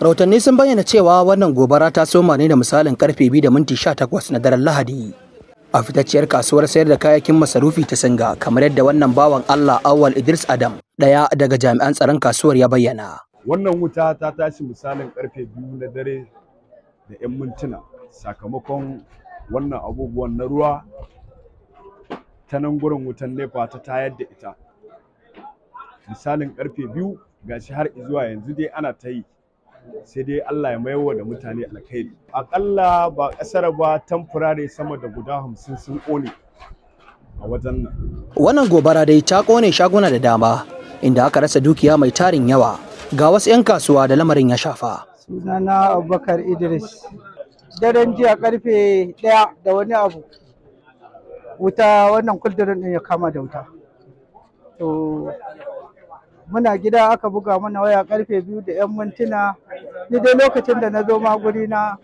rahotanni sun bayyana cewa wannan gobara ta soma ne da misalin karfe 2 da minti sha takwas na daren lahadi a fitacciyar kasuwar sayar da kayayyakin masarufi ta singa kamar yadda wannan bawan allah awal idris adam ɗaya, daga jami'an tsaron kasuwar ya bayyana wannan wuta ta tashi misalin karfe 2 na dare da 'yan mintuna sakamakon wannan abubuwan na ruwa ta nan gurin wutan nefa ta tayar da ita misalin karfe biyu ga shi har zuwa yanzu dai ana ta yi sai dai Allah ya mayarwa da mutane alkhairi akalla ba kasar ba tamfurare sama da guda hamsin sun kone a wajen nan wannan gobara dai ta kone shaguna da dama inda aka rasa dukiya mai tarin yawa ga wasu 'yan kasuwa da lamarin ya shafa sunana abubakar idris daren jiya karfe ɗaya da wani abu wuta wannan kuldurin ya kama da wuta muna gida aka buga mana waya karfe biyu da 'yan mintuna ni dai lokacin da na zo ma guri na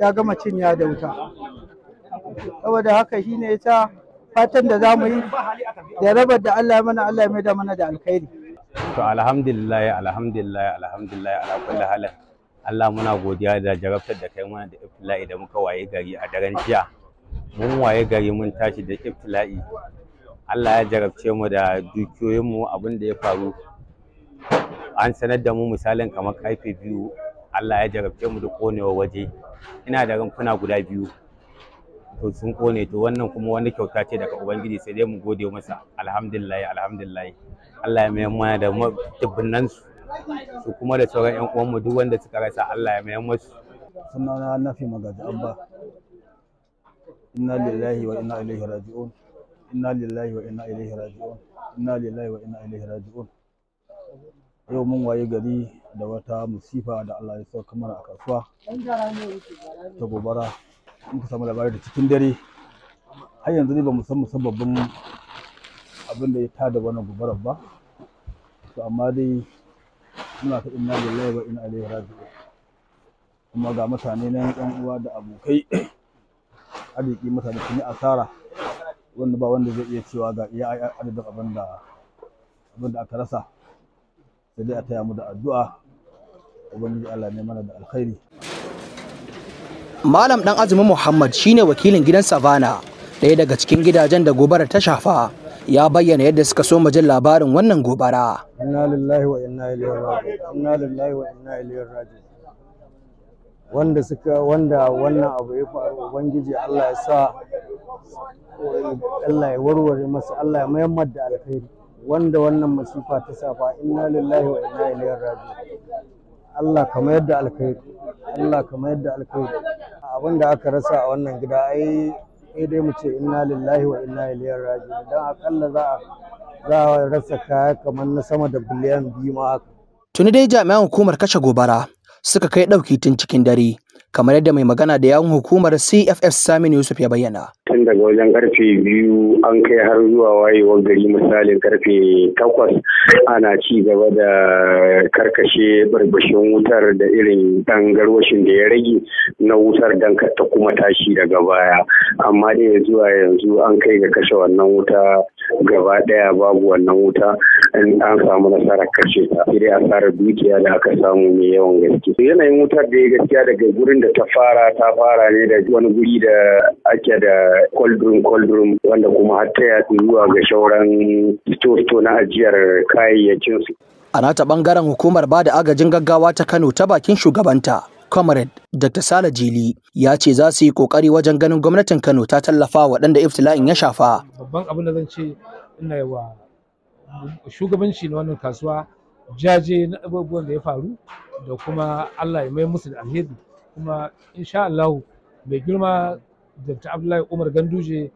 ya gama cin ya da wuta saboda haka shine ta fatan da za mu yi da rabar da Allah mana Allah mai da mana da alkhairi to alhamdulillah alhamdulillah alhamdulillah ala kulli halin Allah muna godiya da jarabtar da kai mana da iftila'i da muka waye gari a daren jiya mun waye gari mun tashi da iftila'i Allah ya jarabce mu da dukiyoyinmu abin da ya faru an sanar da mu misalin kamar karfe biyu Allah ya jarabce mu da konewa waje ina da rumfuna guda biyu to sun kone to wannan kuma wani kyauta ce daga ubangiji sai dai mu gode masa alhamdulillah alhamdulillah Allah ya mayar mana da dubbunan su su kuma da sauran yan uwan mu duk wanda suka rasa Allah ya mayar musu sunana nafi magaji abba inna lillahi wa inna ilaihi raji'un inna lillahi wa inna ilaihi raji'un inna lillahi wa inna ilaihi raji'un yau mun waye gari da wata musifa da Allah ya sauka mana a kasuwa ta gobara muka samu labari da cikin dare har yanzu ne ba mu san musabbabin abin da ya tada wannan gobarar ba to amma dai muna ta inna lillahi wa inna ilaihi raji'un kuma ga mutane nan yan uwa da abokai arziki mutane sun yi asara wanda ba wanda zai iya cewa ga iya adadin abin da abin da aka rasa sai dai a taya mu da addu'a ubangiji Allah ne mana da alkhairi Malam dan Azumi Muhammad shine wakilin gidan Savana ɗaya daga cikin gidajen da gobarar ta shafa ya bayyana yadda suka so mu jin labarin wannan gobara inna lillahi wa inna ilaihi raji'un inna lillahi wa inna ilaihi raji'un wanda suka wanda wannan abu ya faru ubangiji Allah ya sa Allah ya warware masa Allah ya mayar da alkhairi wanda wannan masifa ta safa inna lillahi wa inna ilaihi raji Allah kamar yadda alkhairi Allah kamar yadda alkhairi abin da aka rasa a wannan gida ai sai dai mu ce inna lillahi wa inna ilaihi raji dan akalla za a za a rasa kaya kamar na sama da biliyan biyu ma haka tuni dai jami'an hukumar kashe gobara suka kai ɗauki tun cikin dare kamar yadda mai magana da yawun hukumar CFS Samin Yusuf ya bayyana. Tun daga wajen karfe biyu an kai har zuwa wayewar gari misalin karfe takwas ana ci gaba da karkashe barbashin wutar da irin dan garwashin da ya rage na wutar dan ta kuma tashi daga baya amma dai zuwa yanzu an kai ga kashe wannan wuta gaba daya babu wannan wuta in an samu nasarar kashe ta sai asarar dukiya da aka samu mai yawan gaske yanayin wutar da ya gaskiya daga gurin da ta fara ta fara ne da wani guri da ake da koldrum koldrum wanda kuma har ta yaɗu zuwa ga shauran store na ajiyar kayayyakin su a nata bangaren hukumar ba da agajin gaggawa ta Kano ta bakin shugabanta Comrade Dr. Sala Jili ya ce za su yi kokari wajen ganin gwamnatin Kano ta tallafa waɗanda iftila'in ya shafa. Babban abin da zan ce ina wa shugabanci na wannan kasuwa jaje na abubuwan da ya faru da kuma Allah ya mai musu da alheri kuma insha Allah mai girma Dr. Abdullahi Umar Ganduje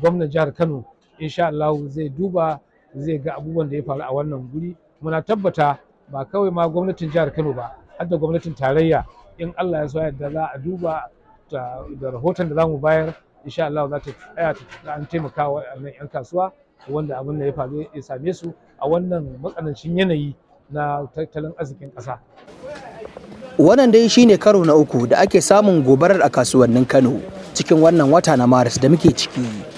gwamnan jihar Kano insha Allah zai duba zai ga abubuwan da ya faru a wannan guri muna tabbata ba kawai ma gwamnatin jihar Kano ba har da gwamnatin tarayya in Allah ya so yadda za a duba da rahoton da za mu bayar insha Allah za ta tsaya ta taimaka wa 'yan kasuwa wanda abin da ya faru ya same su a wannan matsanancin yanayi na tattalin arzikin ƙasa. Wannan dai shine karo na uku da ake samun gobarar a kasuwannin Kano cikin wannan wata na Maris da muke ciki.